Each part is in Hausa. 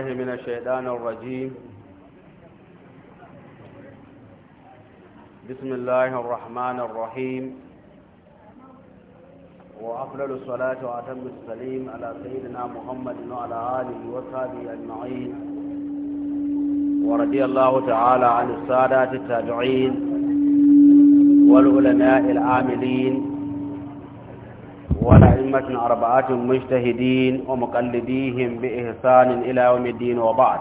بالله من الشيطان الرجيم بسم الله الرحمن الرحيم وأفضل الصلاة وأتم السليم على سيدنا محمد وعلى آله وصحبه أجمعين ورضي الله تعالى عن السادات التابعين والعلماء العاملين أئمة أربعة مجتهدين ومقلديهم بإحسان إلى يوم الدين وبعد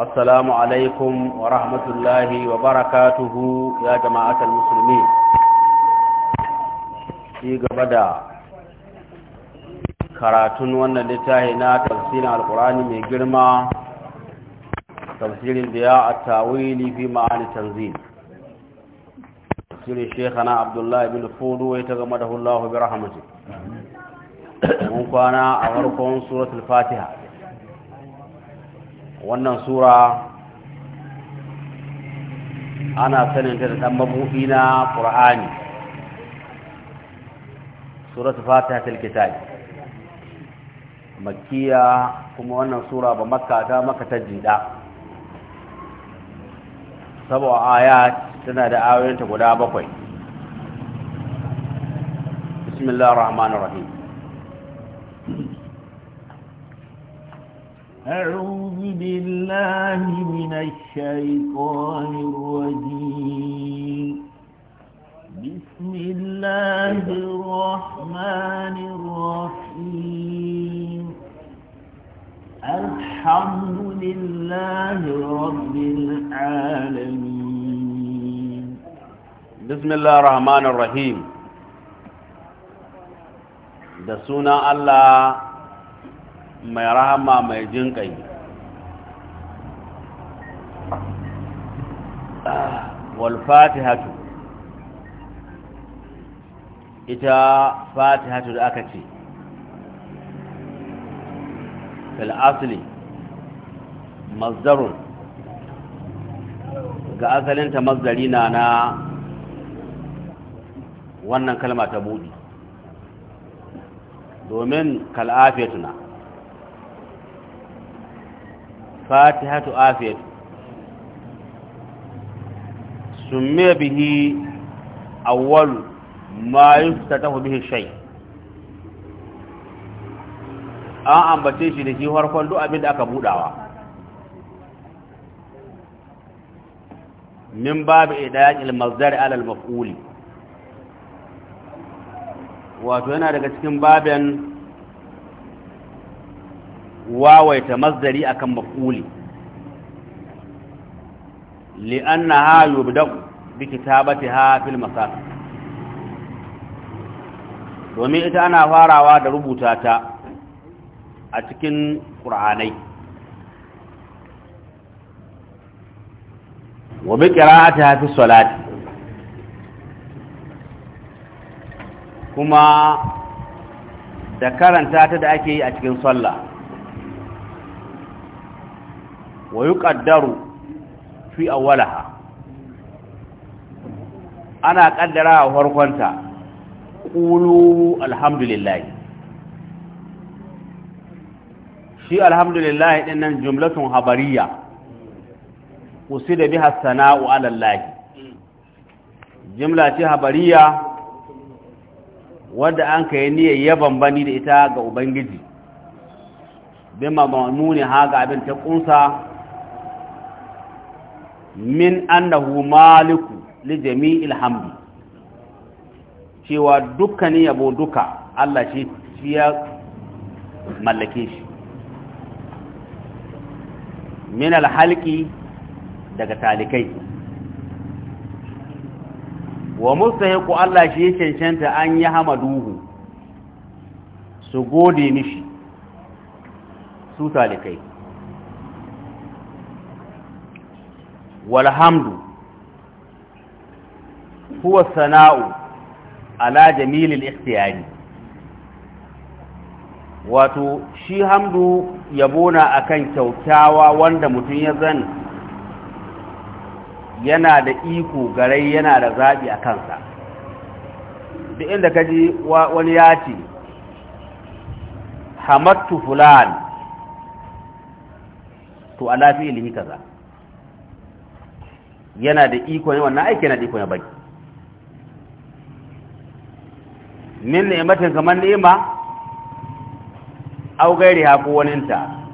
السلام عليكم ورحمة الله وبركاته يا جماعة المسلمين في قبدا كراتون وانا لتاهنا تفسير القرآن من جرمى تفسير البياء التاويل في معاني تنزيل tafsiri shekana abdullahi bin fudu ya ta gama da hullahu bi rahamati mun kwana a farkon suratul fatiha wannan sura ana sanin da ɗan mabuɗi na ƙur'ani suratul fatiha tilkitab makkiya kuma wannan sura ba makata maka ta jida saboda tana da ayoyinta guda bakwai bismillah rahman rahim أعوذ بالله من الشيطان الرجيم بسم الله الرحمن الرحيم الحمد لله رب العالمين بسم الله الرحمن الرحيم da suna Allah mai rahama mai jinƙai walfatihatu ita fatihatu da aka ce fil'asili mazdarun ga asalinta mazdari na na wannan kalma ta buɗi domin kal'afiyatu na fatihatu afiyatu summe bihi awwalu ma yuftatahu bihi shay an ambace shi da shi farkon duk abin da aka budawa min babu idayaqil mazdari alal maf'uli wato yana daga cikin babin wawaita masdari akan maf'uli biki yubda'u bi ha fil masaf domin ita ana farawa da rubuta ta a cikin qur'anai wa bi ta fi salati kuma da karanta ta da ake yi a cikin sallah wa yuqaddaru fi awwalaha ana kaddara a farkonta qulu alhamdulillah shi alhamdulillah din nan jumlatun habariya usida biha sana'u ala Jimla ce habariya wadda an ka yi niyyar yaban bani da ita ga ubangiji bin mamamuni ha ga abin ta kunsa min annahu maliku li jami'il hamdi cewa dukkanin yabo duka Allah shi ya mallake shi min alhalki daga talikai wa mustahiqu Allah shi ya cancanta an yi hamaduhu su gode mishi su talikai walhamdu huwa sana'u ala jamilil ikhtiyari wato shi hamdu yabona akan kyautawa wanda mutum ya zan yana da iko garai yana da zaɓi a kansa duk inda ka ji wani ya ce hamattu fulan to a lafi ilimi kaza yana da iko ne wannan aiki yana da iko ne baki min ni'imatin kamar ni'ima au gairi ha ko waninta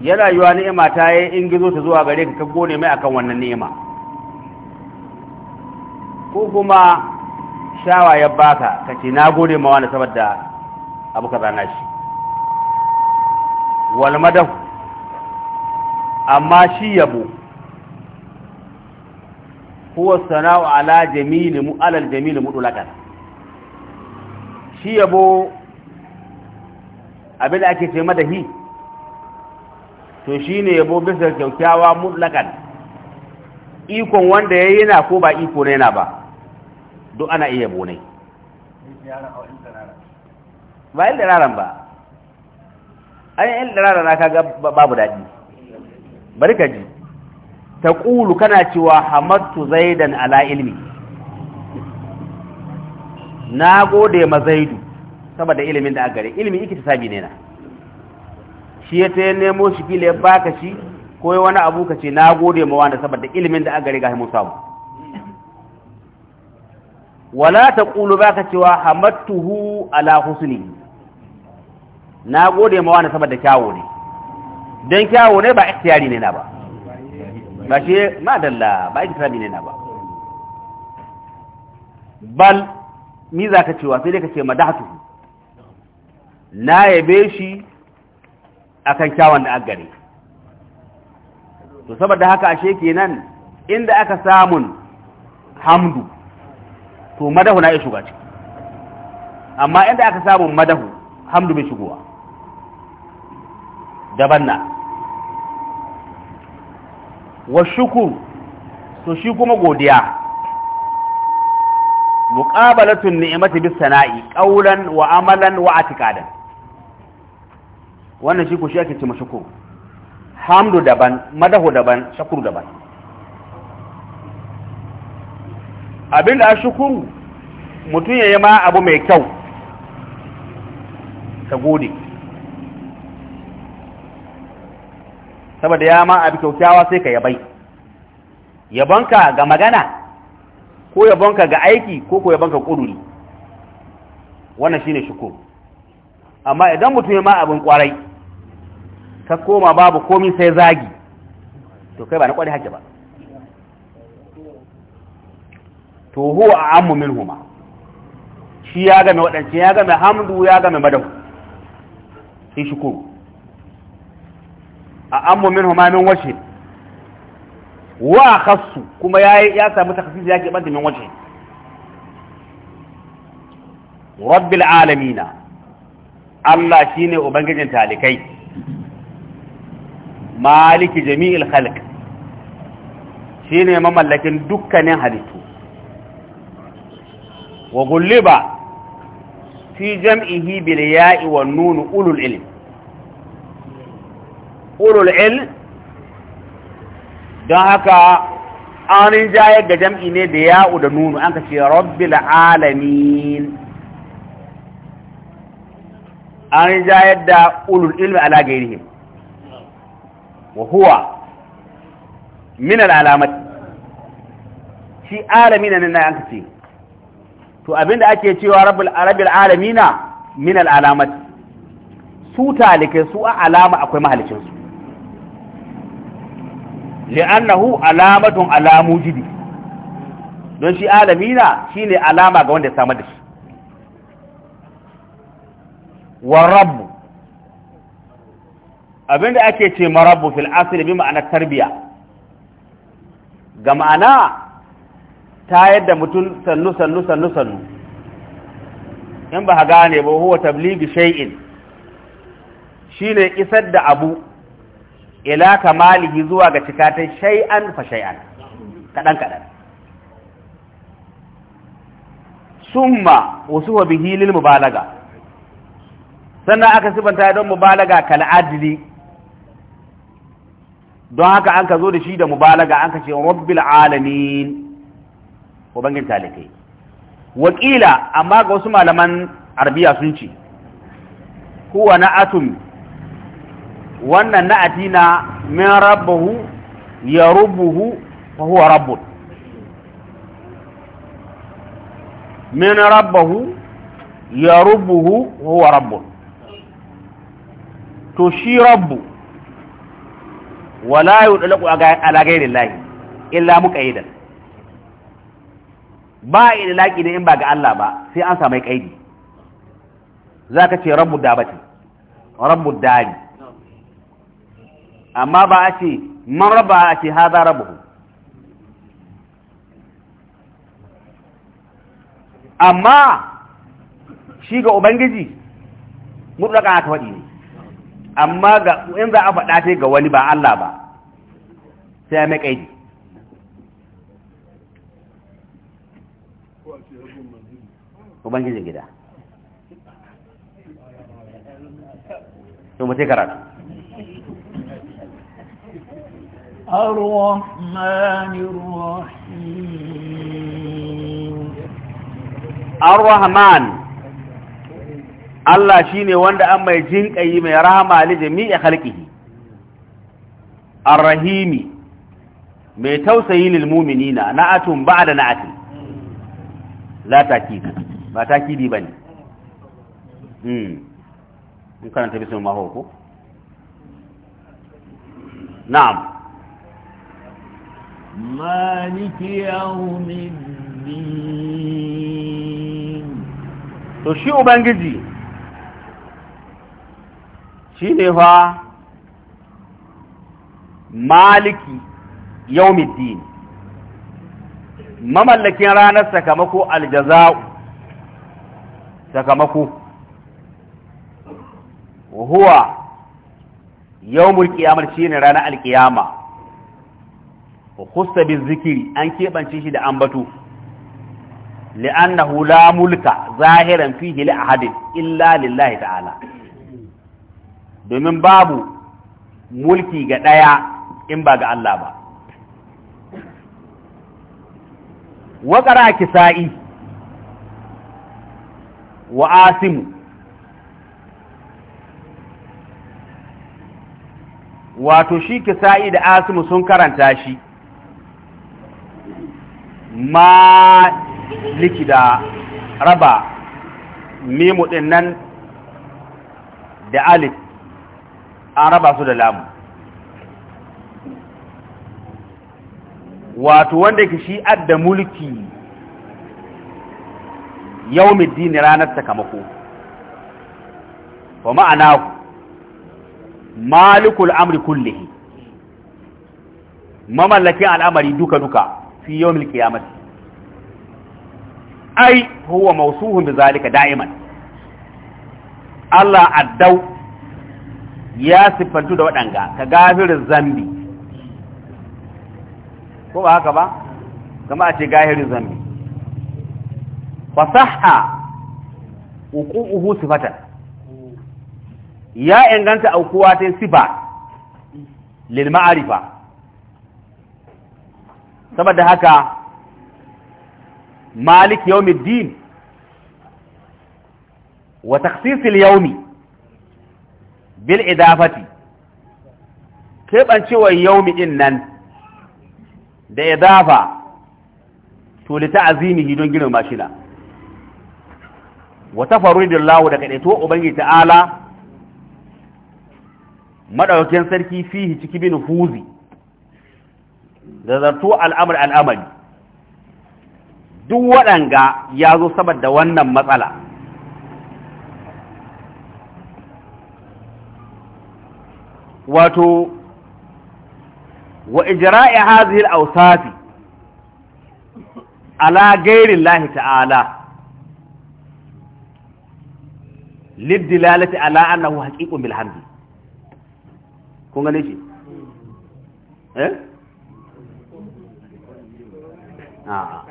yana yiwa ni'ima ta yi in gizo ta zuwa gare ka gone mai akan wannan ni'ima ko kuma shawa ya baka ka ce na gode ma wani saboda abu ka zana shi walmadaf amma shi yabo kuwa sana'u ala jamili mu alal mu mudulakan shi yabo abin da ake ce madahi to ne yabo bisa kyaukyawa mutlakan ikon wanda ya yi na ko ba iko na yana ba duk ana iya yabo ne ba yin dararan ba an yin dararan na kaga babu daɗi bari ka ji ta ƙulu kana cewa hamattu zaidan ala ilmi na gode ma zaidu saboda ilimin da agare ilimi iki ta sabi ne na shi ya ta nemo shi fili ya baka shi ko yi wani abu ka ce na gode ma wanda saboda ilimin da aka riga mun samu wala ta ƙulu baka cewa hamattuhu ala husni na gode ma wanda saboda kyawo ne don kyawo ne ba ikhtiyari ne na ba ba shi ma dalla ba ikhtiyari ne na ba bal ni za ka cewa sai dai ka ce madahatuhu na yabe shi akan kyawun da aggare to saboda haka ashe kenan inda aka samun hamdu to madahu na ya shiga ciki amma inda aka samun madahu hamdu bai shigowa daban na wa shukur to shi kuma godiya muqabalatun ni'mati bis sana'i qawlan wa amalan wa i'tiqadan wannan shi ko shi ake ce ma shukuru hamdu daban madahu daban shakuru daban abin da shukuru mutum ya yi ma abu mai kyau ka gode saboda ya ma abu kyaukyawa sai ka yabai yabonka ga magana ko yabonka ga aiki ko ko yabonka ƙuduri wannan shine shukuru amma idan mutum ya ma abin kwarai ka koma babu komi sai zagi to kai ba na kwari hake ba to huwa a ammu min huma shi ya game waɗance ya game hamdu ya game madahu shi shukuru a ammu min huma min washe wa khassu kuma ya ya samu takhsis ya ke banta min washe rabbil alamina Allah shi ne ubangijin talikai maliki jami'il khalq shine mamallakin dukkanin halittu wa gulliba fi jam'ihi bil ya'i wan nun ulul ilm ulul ilm don haka anin jayar da jam'i ne da ya'u da nunu an ka ce rabbil alamin an jayar da ulul ilmi ala gairihim wa huwa min al'alamat shi alamina ne na yanka ce to abinda ake cewa rabbul arabil alamina min alamat su talike su a alama akwai mahalicin su li'annahu alamatun alamu jibi don shi alamina shine alama ga wanda ya samar da shi wa rabbu abinda ake ce marabu fil asli bi ma'anar tarbiya ga ma'ana ta yadda mutum sannu sannu sannu sannu in ba gane ba huwa tabligi shay'in shine isar da abu ila kamalihi zuwa ga cikatai shay'an fa shay'an kadan kadan summa wasu bihi lil mubalaga sannan aka sibanta don mubalaga kal adli don haka an ka zo da shi da mubalaga an ka ce rabbil alamin ubangin talikai wakila amma ga wasu malaman arabiya sun ce huwa na'atun wannan na'ati na min rabbuhu ya rubuhu fa huwa rabbun min rabbuhu ya rubuhu fa huwa rabbun to shi rabbu wala yudlaku ala ghairillahi illa muqayyidan ba idlaki ne in ba ga Allah ba sai an samai kaidi zaka ce rabbu dabati rabbu dari amma ba a ce man raba a ce haza rabu, amma shi ga ubangiji mutlaka ta faɗi ne amma ga in za a faɗa ta ga wani ba Allah ba sai ya mai ubangijin gida to mu sai karatu Allah shi ne wanda an mai jinƙayi mai rahama li jami'i a halƙihi, rahimi mai tausayi lilmumini na na'atun ba'da za ta takidi ba takidi ba ne. in hmm. karanta bisu ma ko na'am Maliki يوم الدين to shi ubangiji shi ne fa maliki yaumiddin mamallakin ranar sakamako aljaza'u sakamako huwa yawmul qiyamah shine ranar Kusa bin zikiri an keɓance shi da ambatu li'annahu la mulka zahiran fihi li ahadin illa lillahi ta'ala domin babu mulki ga ɗaya in ba ga Allah ba waƙara kisa'i wa asimu wato shi kisa'i da asimu sun karanta shi ma liki raba mimu ɗin nan da alif an raba su da lamu wato wanda ke shi adda mulki yau dini ranar sakamako wa ma'ana malikul amri kullihi mamallakin al'amari duka-duka fi yau milki ya ai huwa mausuhun da zalika da'iman Allah addau ya siffantu da waɗanga ka gafirin zambi ko ba haka ba kama a ce gafirin zambi fasaha uku sifatan ya inganta aukuwa ta sifa lil ma'arifa saboda haka malik yawmiddin wa taksisil al-yawmi bil idafati keɓancewar yaumi ɗin nan da idafa to li ta'zimihi don girma shi na wa tafarridillahu da kadaito ubangi ta'ala madaukakin sarki fihi ciki bin huzi da zarto al'amr al'amali duk waɗanga ya zo saboda wannan matsala wato wa ijra'i hadhihi al-awsaf ala ghairi Allah ta'ala lidilalati ala annahu haqiqun bil hamdi kun gane shi eh ah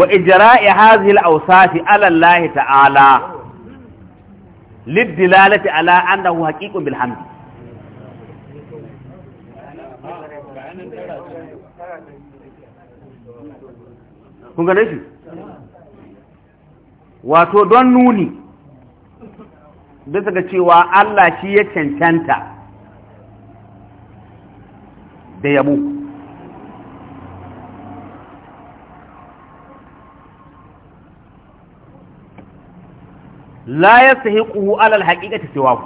wa ijra'i hadhihi al-awsaf ala Allah ta'ala liddilalati ala annahu haqiqun bil kun gane shi wato don nuni bisa ga cewa Allah shi ya cancanta da yabo la yastahiquhu alal haqiqati siwahu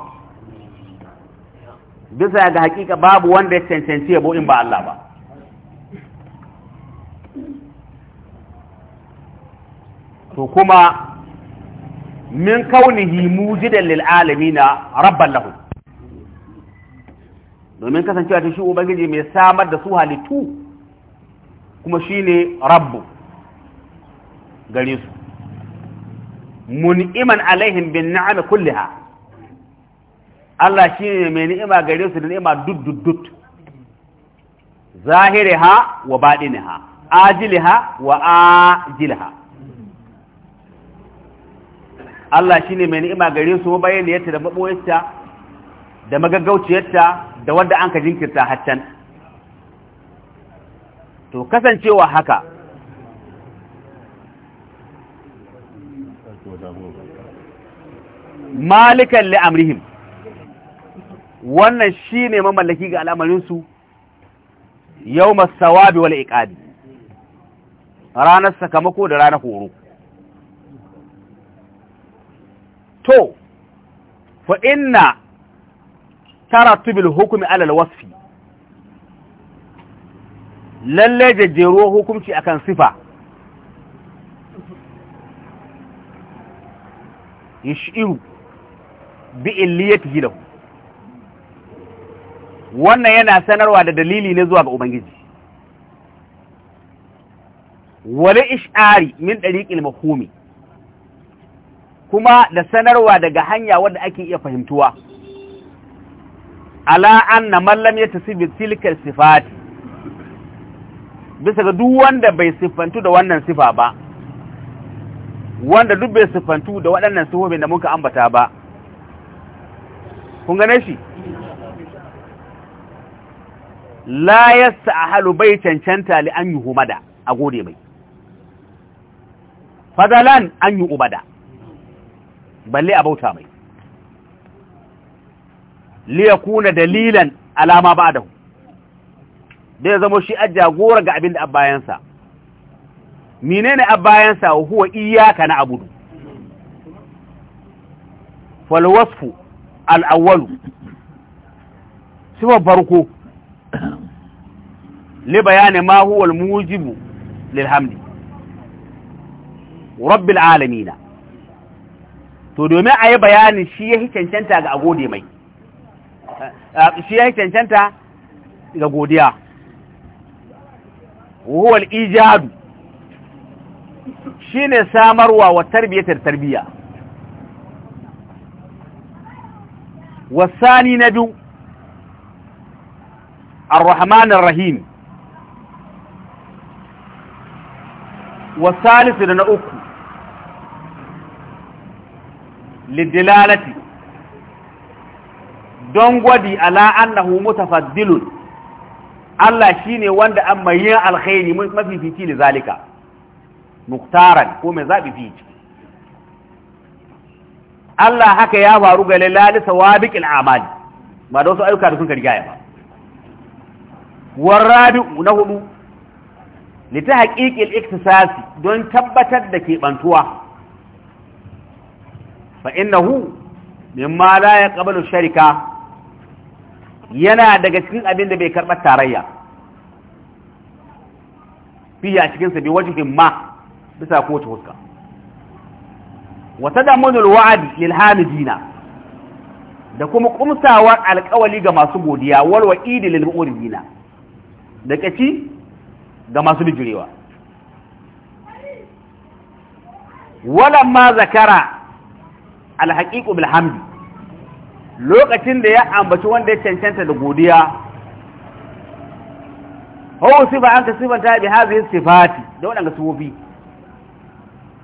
bisa ga hakika babu wanda ya cancanci yabo in ba Allah ba to kuma min kaunihi mujidan lil alamina rabban lahu domin kasancewa ta shi ubangiji mai samar da su halittu kuma shine rabbu gare su mun'iman alaihim bin ni'am kulliha Allah shine mai ni'ima gare su da ni'ima duddudut zahiriha wa badiniha ajiliha wa ajiliha Allah shine mai ni'ima gare su bayyaniyarta da maboyarta da magaggauciyarta da wadda an ka jinkirta haccan to kasancewa haka malikan li amrihim wannan shine mamallaki ga al'amarin su yawm sawabi wal iqabi ranar sakamako da ranar horo to fa inna tarattubil hukmi ala al-wasfi lalle jajjero hukunci akan sifa yashiru bi da wannan yana sanarwa da dalili ne zuwa ga ubangiji wala ish'ari min dariqil mahumi, kuma da sanarwa daga hanya wadda ake iya fahimtuwa ala anna man lam yatasib silikar sifat bisa ga duk wanda bai sifantu da wannan sifa ba wanda duk bai sifantu da waɗannan sifofin da muka ambata ba kun gane shi la yasta ahalu bai cancanta li an yi humada a gode mai fadalan an yi ubada balle a bauta mai liyakuna dalilan alama ba da da ya zama shi a jagora ga abin da abbayansa menene abbayansa huwa iyaka na abudu falwasfu al'awwalu sifar farko li bayani ma huwa al-mujibu lil hamdi rabbil alamin to domin ayi bayani shi yake cancanta ga agode mai shi yake cancanta ga godiya huwa al-ijadu shine samarwa wa tarbiyatar tarbiyya wasani na biyu ar-rahman ar-rahim wasalisu da na uku lidilalati don gwadi ala annahu mutafaddilun Allah shine wanda an mayin alkhairi mafifici li zalika muktaran ko mai zabi fi ciki Allah haka ya faru ga lalali sawabiqil amali ba da wasu ayyuka da sun karigaya ba warabi'u na hudu li ta haqiqil iktisasi don tabbatar da keɓantuwa fa innahu mimma la yaqbalu sharika yana daga cikin abin da bai karɓar tarayya fiye a cikinsa bai himma ma bisa kowace huska wata damunul wa'adi lil hamidina da kuma kumsawar alƙawali ga masu godiya wal wa'idi lil mu'ridina da kaci ga masu bijirewa ma zakara haqiqu bil hamd lokacin da ya ambaci wanda ya cancanta da godiya hawa sifa an ka sifanta bi hadhihi sifati da wannan ga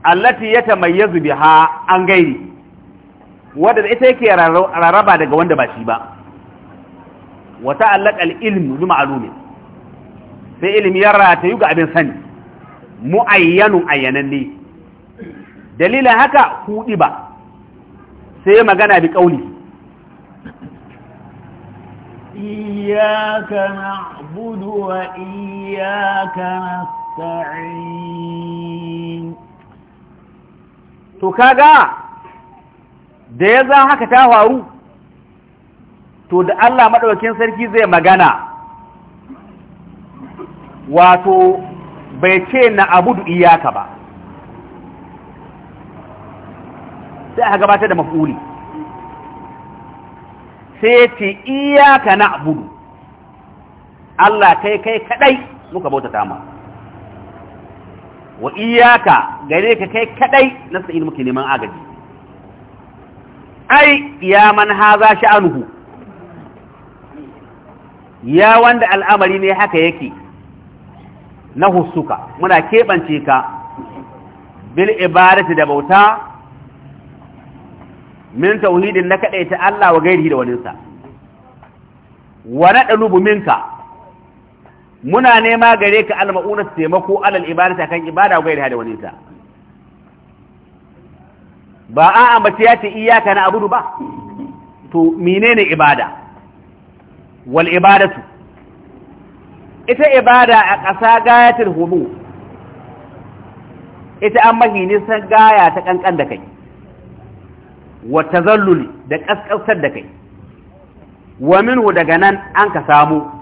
allati ya tamayyazu biha an gairi wadda ita yake rarraba daga wanda ba shi ba wa ta'allaqa al-ilmu bi ma'lumin sai ilimi ya rata yuga abin sani muayyanun ne dalilin haka hudi ba sai magana bi kauli إياك wa وإياك نستعين to kaga da ya za haka ta faru to da Allah maɗaukin sarki zai magana wato bai ce na abudu iyaka ba sai aka gabatar da mafuli sai ce iyaka na abudu Allah kai kai kadai muka bauta ta ma wa iyaka gare ka kai kadai nasta'in muke neman agaji ai ya man haza sha'anuhu ya wanda al'amari ne haka yake na husuka muna keɓance ka bil ibadati da bauta min tauhidin na ta. Allah wa gairi da waninsa wa na minka muna nema gare ka almauna taimako alal ibadata kan ibada gwai da wani ta ba a ambaci ya ce iyaka na abudu ba to menene ibada wal ibadatu ita ibada a ƙasa gayatar hudu ita an mahi nisan gaya ta ƙanƙan da kai wata zalluli da ƙasƙasar da kai wa minhu daga nan an ka samu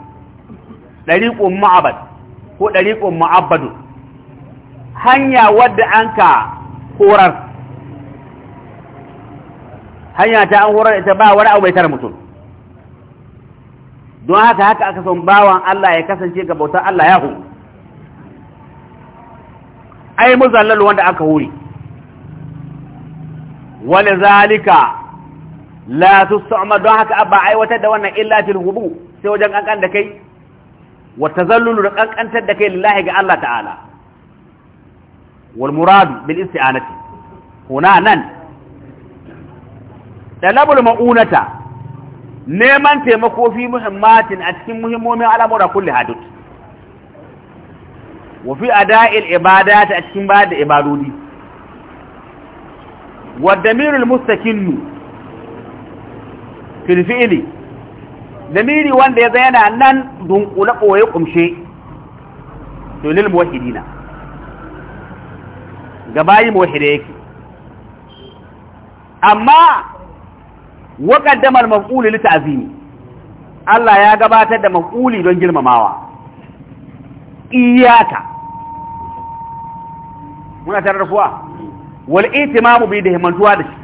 ɗariƙon ma'abad ko ɗariƙon ma'abadu hanya wadda an ka horar hanya ta an horar ita ba wani abu ya tara mutum don haka haka aka son bawan Allah ya kasance ga bautar Allah ya hun ai muzallal wanda aka huri wani zalika la tusamma don haka abba aiwatar da wannan illa fil hubu sai wajen kankan da kai wa tazallulu da kankantar da kai lillahi ga Allah ta'ala wal murad bil isti'anati huna nan talabul ma'unata neman taimako fi muhimmatin a cikin muhimmomin al'amura kulli hadut wa fi ada'il ibadat a cikin bayar da ibadodi wa damirul mustaqillu fil fi'li lamiri wanda ya yana nan dunkule ɓoye kumshe to lil muwahidina ga bayi muwahide yake amma wa qaddama al maf'ul li Allah ya gabatar da maf'uli don girmamawa iyaka muna tare da kuwa wal mu bi da himantuwa da shi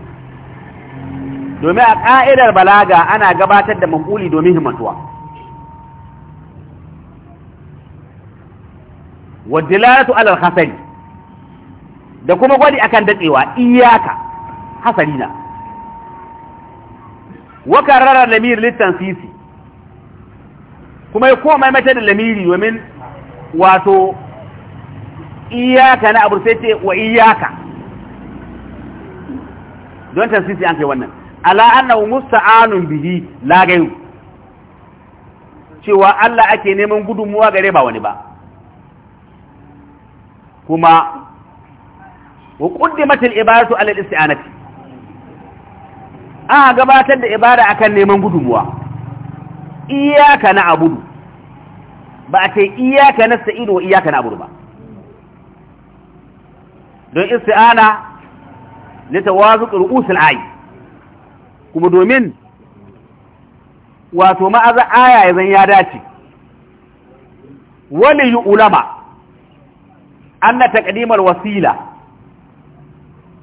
domin a ƙa'idar balaga ana gabatar da maƙuli domin himmatuwa wadilalatu alal hasari da kuma gwadi akan datsewa iyaka hasari na wakararar lamiri littan sisi kuma ya kuma mata da lamiri domin wato iyaka na abu sai ce wa iyaka don tansisi an kai wannan ala annahu musta'anun bihi la gayu cewa Allah ake neman gudunmuwa gare ba wani ba kuma wa qaddimat al-ibadatu ala al-isti'anati a gabatar da ibada akan neman gudunmuwa iyyaka na'budu ba a ce iyyaka nasta'inu wa iyyaka na'budu ba don isti'ana litawazuq ru'usul ayi kuma domin wato ma'aza aya ya zan ya dace wani yi ulama an na taƙadimar wasila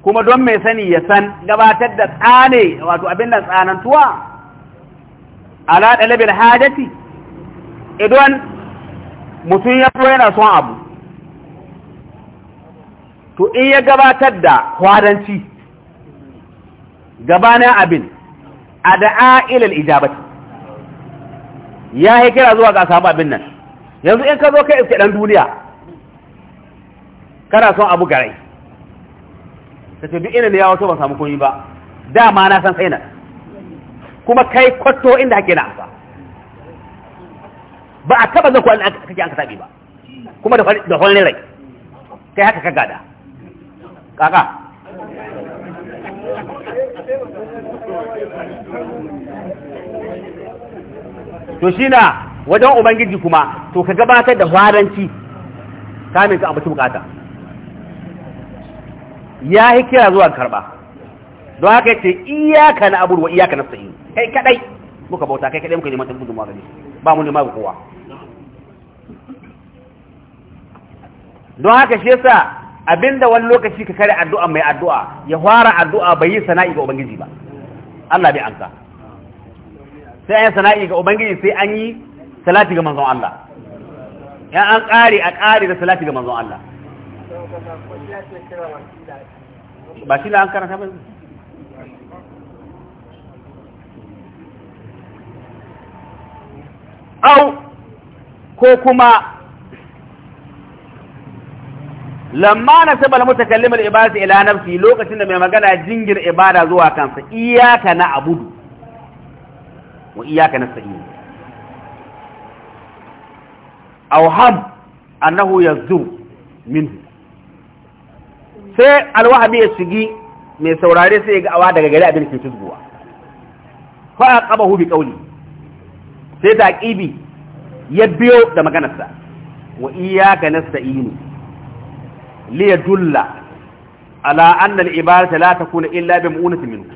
kuma don mai sani ya san gabatar da tsane wato abin da tsanantuwa ala ɗalibin hajjati idan mutum ya so yana son abu to in ya gabatar da kwadanci gabanin abin ad'a ila al-ijabati ya yi kira zuwa ga sahaba abin nan yanzu in ka zo ka iske dan duniya kana son abu garai kace duk ina ne ya wato ban samu koyi ba dama na san sai nan kuma kai kwato inda kake na asa ba a taba zaku an kake an ka sabi ba kuma da da holle rai kai haka ka gada kaka to shi na wajen ubangiji kuma to ka gabatar da waranci kamin ka ambaci bukata ya yi kira zuwa karba don haka ce iyaka na abu wa iyaka na sa'i kai kadai muka bauta kai kadai muka neman tabbudin mu gani ba mu neman kowa don haka shi yasa abinda wani lokaci ka kare addu'a mai addu'a ya fara addu'a bai yi sana'i ga ubangiji ba Allah bai amsa sai an yi sana'i ga ubangiji sai an yi salati ga manzon Allah ya an kare a kare da salati ga manzon Allah ba shi la an karanta ba au ko kuma lamma na saba da mutakallimar ibada ila nafsi lokacin da mai magana jingir ibada zuwa kansa iyaka na abudu wa iyyaka nasta'in awham annahu yazur minhu sai alwahabi ya shigi mai saurare sai ya ga awa daga gari abin ke tuzguwa fa aqabahu bi qawli sai taqibi ya biyo da maganarsa wa iyyaka nasta'in li yadulla ala anna al-ibadatu la takuna illa bi mu'unatin minhu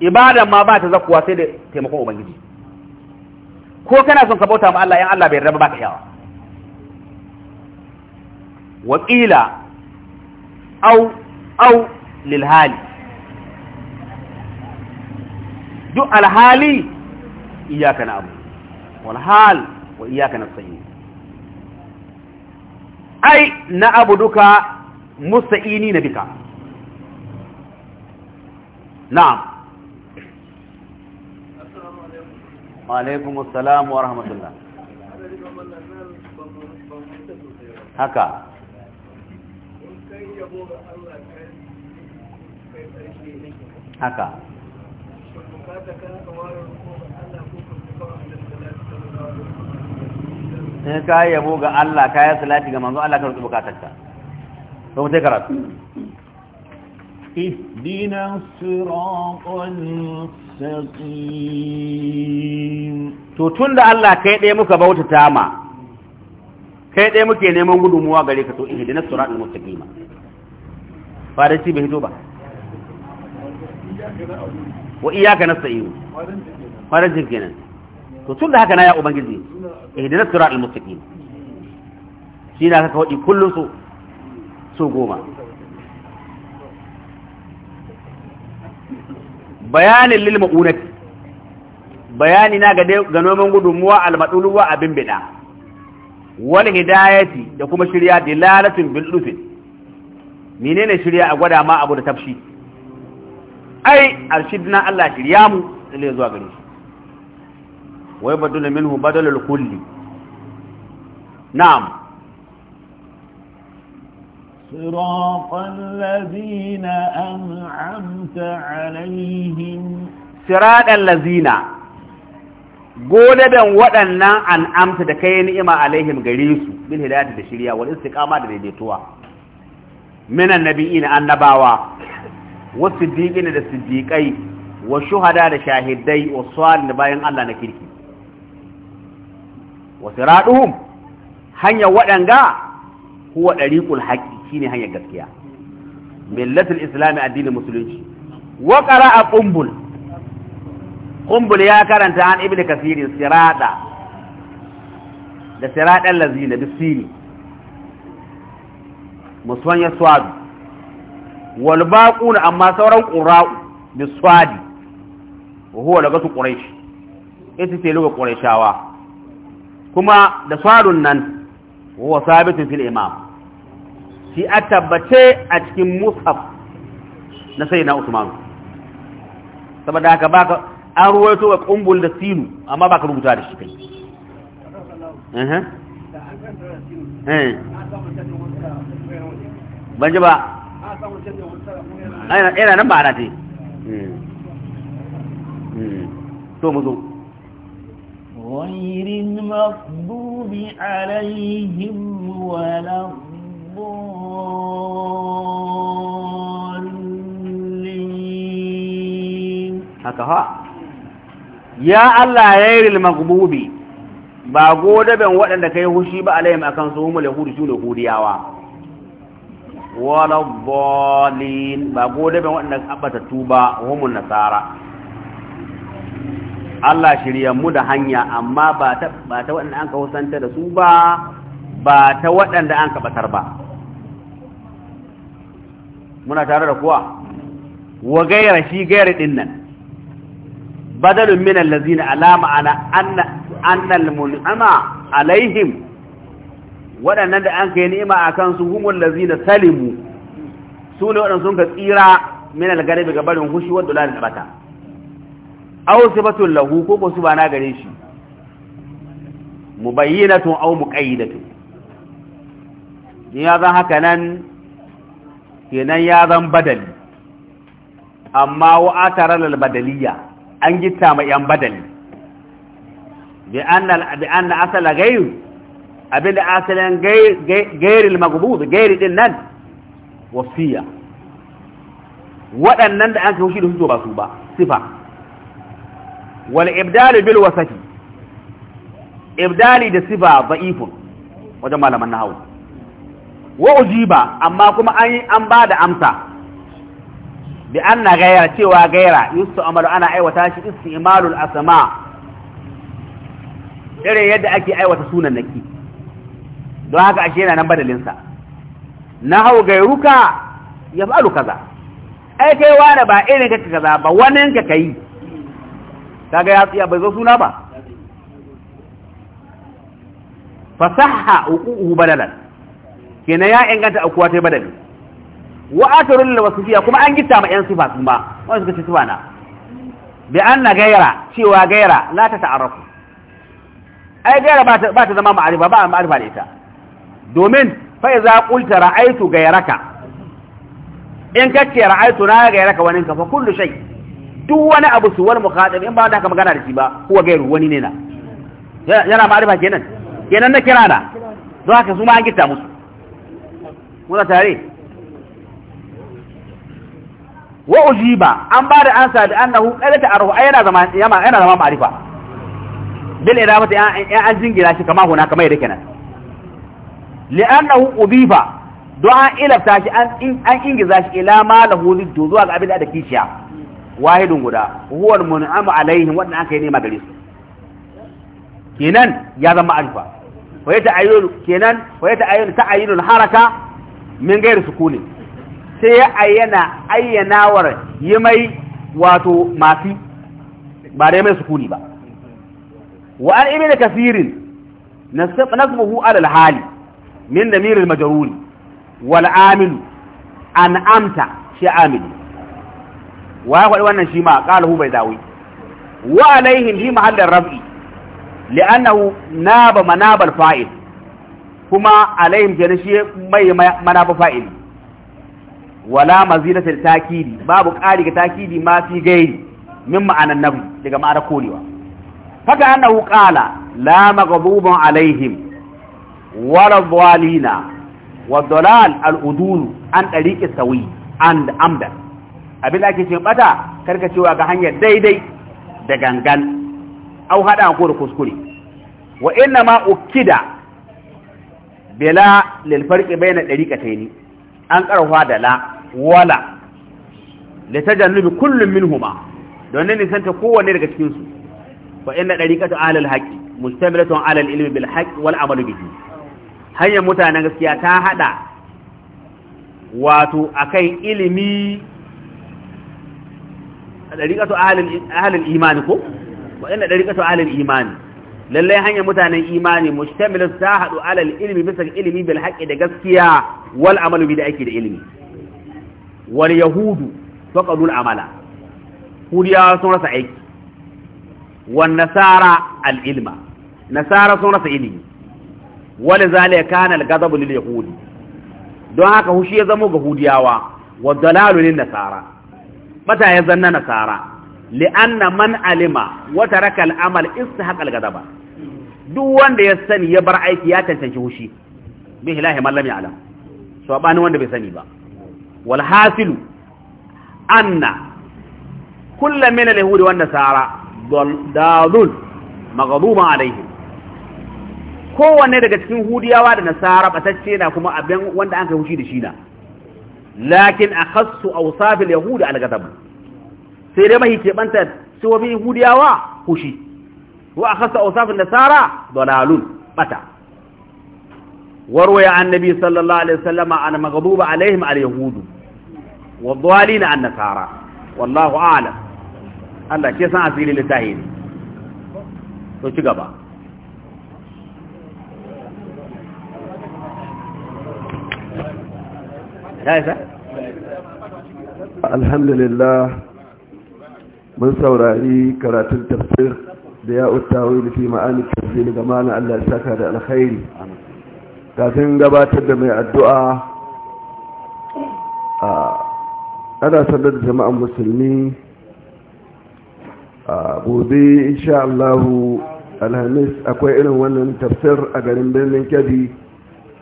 ibadan ma ba ta zakuwa sai da taimakon ubangiji ko kana son ka bauta ma Allah in Allah bai raba ba ka yawa wa qila au au lil hali duk alhali iyyaka na'budu wal hal wa iyyaka nasta'in ai na'buduka musta'ini bika? na'am wa alaikum wa rahmatullah haka haka sai ka yabo ga Allah ka yi salati ga manzo Allah ka rubuta bukatarka to mu sai karatu اهدنا الصراط المستقيم to tunda Allah kai dai muka bautata ma kai dai muke neman gudunmuwa gare ka to ihdina as-siratal mustaqim farisi bai hito ba wa iyyaka nasta'in farisi kenan to tunda haka na ya ubangiji ihdina as-siratal mustaqim shi na ka kawai kullun su su goma bayanin lil ma'unati bayani na ga noman gudunmuwa almaduluwa abin bida wal hidayati da kuma shirya dilalatin bil lutfin menene shirya a gwada ma abu da tafshi ai arshidna Allah shirya mu lalle zuwa gare shi wai badal minhu badalul kulli na'am صراط الذين أنعمت عليهم صراط الذين godaben waɗannan an'amta da kai ni'ima alaihim gare su bil hidayati da shirya wal istiqama da daidaituwa min annabiyyin annabawa was siddiqin da siddiƙai, wa shuhada da shahidai wa salih bayan Allah na kirki wa siraduhum hanyar waɗanga huwa dariqul haqi shine hanyar gaskiya millatul islami addinin musulunci wa qara'a qumbul qumbul ya karanta an ibnu kasir sirada da siradan lazina bisini musuwan ya swadu wal baquna amma sauran qura'u biswadi wa huwa lagatu quraish ita ce lugar qurayshawa kuma da swadun nan wa huwa sabitun fil imam shi a tabbace a cikin musaf na sai na usmanu saboda haka baka an ruwaito ga kumbul da sinu amma baka rubuta da shi kai eh. ban ji ba yana nan ba ana te hmm. hmm. to mu zo غير المغضوب عليهم ولا الضالين Allah ya yi غير ba gode ban waɗanda kai hushi ba a akan su mu lahudi su hudiyawa wala dhalin ba gode ban waɗanda abata tuba humun nasara Allah shirya mu da hanya amma ba ta waɗanda an ka husanta da su ba ba ta waɗanda an ka batar ba muna tare da kuwa wa gaira shi gaira din nan badalun min allazina ala ma'ana anna annal mun'ama alaihim waɗannan da an kai ni'ima akan su humul lazina salimu su ne waɗanda sun ka tsira min al-garibi ga barin hushi wa dulal da bata aw sifatul lahu ko ko su ba na gare shi mubayyinatun aw muqayyidatun ya zan haka nan kenan ya zan badali amma wa'atara lal badaliya an gitta ma yan badali bi anna bi anna asala gairu abin da asalin gairil magbud gairi din nan wasiya waɗannan da an ka shi da hujjo ba su ba sifa wal ibdal bil wasati ibdali da sifa da'ifun wajen malaman nahawu wa ujiba amma kuma an yi an ba da amsa bi anna gaira cewa gaira yusu amalu ana aiwata shi istimalul asma irin yadda ake aiwata sunan naki don haka ashe yana nan badalin sa na hau gairuka yaf'alu kaza ai kai wani ba irin kake kaza ba wani ka kai kaga ya tsiya bai zo suna ba fasaha uquhu badalan kenan ya inganta aukuwa ta badali wa atarul wasfiya kuma an gitta ma yan sifa kuma wanda suka ce sifa na bi anna gaira cewa gaira la ta ta'arrafu ai gaira ba ta ba ta zama ma'arifa ba ma'arifa da ita domin fa iza qulta ra'aytu gairaka in kace ra'aytu na gairaka wani ka fa kullu shay duk wani abu su wani mukhatab in ba da ka magana da shi ba kuwa gairu wani ne na yana ma'arifa kenan kenan na kirana don haka su ma an gitta musu muna tare wa ujiba an ba da ansa da annahu qalata arhu ay yana zama yana yana zama ma'rifa bil idafati an jingira shi kama huna kama yadda kenan li'annahu udifa don an ilafta shi an ingiza shi ila ma lahu ziddu zuwa ga abin da kishiya wahidun guda huwa al-mun'amu alaihim wanda aka yi nema gare su kenan ya zama alfa wa yata ayyun kenan wa yata ayyun ta'ayyun haraka min gairi sukuni sai ya ayyana ayyanawar yi mai wato mafi ba da mai sukuni ba wa an ibn kasirin nasbuhu alal hali min damir al-majruri wal amil an amta shi amili wa ya wannan shi ma kalahu bai dawi wa alaihim fi mahallar rab'i li'annahu naba manabal fa'il kuma alayhim kenan shi mai mana ba fa'ili wala mazidatul takidi babu ƙari ga takidi ma fi gairi min ma'anan nabi daga ma'anar korewa haka annahu qala la maghdubun alaihim wala dhalina wa dalal al udul an tariqi sawi and amda abin da ake ce bata karkacewa ga hanyar daidai da gangan au hada ko da kuskure wa inna ma ukida bela lilfarki bai na ɗari ƙataini an ƙarfa da la wala da ta jannubi kullum min huma don ne nisanta kowanne daga cikinsu fa inna ɗariƙatu alal haƙi mustamilatun alal ilmi bil haƙi wal amalu bihi hanyar mutanen gaskiya ta haɗa wato a akan ilimi ɗari ɗariƙatu alal imani ko wa inna ɗariƙatu alal imani lalle hanyar mutanen imani mustamilu ta hadu alal ilmi bisa ilimi bil haqqi da gaskiya wal amalu bi da ake da ilimi wal yahudu faqadul amala hudiya sun rasa aiki wan nasara al ilma nasara sun rasa ilimi wal zalika kana al ghadabu lil yahudi don haka hushi ya zamo ga hudiyawa wa dalalu nasara mata ya zanna nasara li'anna man alima wa taraka al'amal istahaqa al-ghadaba duk wanda ya sani ya bar aiki ya tantance hushi bi hilahi man lam ya'lam so bani wanda bai sani ba wal hasilu anna kullu min al-yahudi wan nasara dalul maghduma alaihim kowanne daga cikin hudiyawa da nasara batacce na kuma abin wanda an kai hushi da shi na lakin akhassu awsaf al-yahudi al-ghadab sai dai mahi keɓanta sifofin yahudiyawa hushi wa akhasa awsafin nasara dalalun bata warwaya annabi sallallahu alaihi wasallama an maghduba alaihim alyahudu والضالين عن نصارى والله أعلم الله كيف أسئلة لتاهين تشكبا الحمد لله mun saurari karatun tafsir da ya uttawi fi ma'ani tafsir ga mana Allah ya saka da alkhairi kafin gabatar da mai addu'a a ana sanar da jama'an musulmi a gobe insha Allahu alhamis akwai irin wannan tafsir a garin birnin kebbi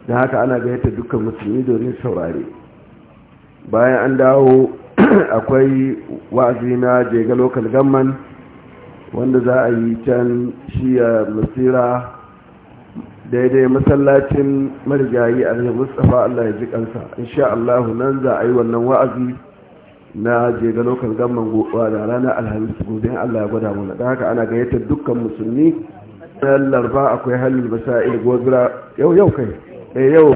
da haka ana gayyata dukkan musulmi domin saurari bayan an dawo akwai wa'azi na jega local gamman wanda za a yi can shiya masira daidai masallacin marigayi a da mustapha allah ya ji kansa insha allahu nan za a yi wannan wa'azi na jega local gamman gobe da ranar alhamis gobe allah ya gwada mana da haka ana gayyatar dukkan musulmi na larba akwai halin basa'il gobira yau yau kai eh,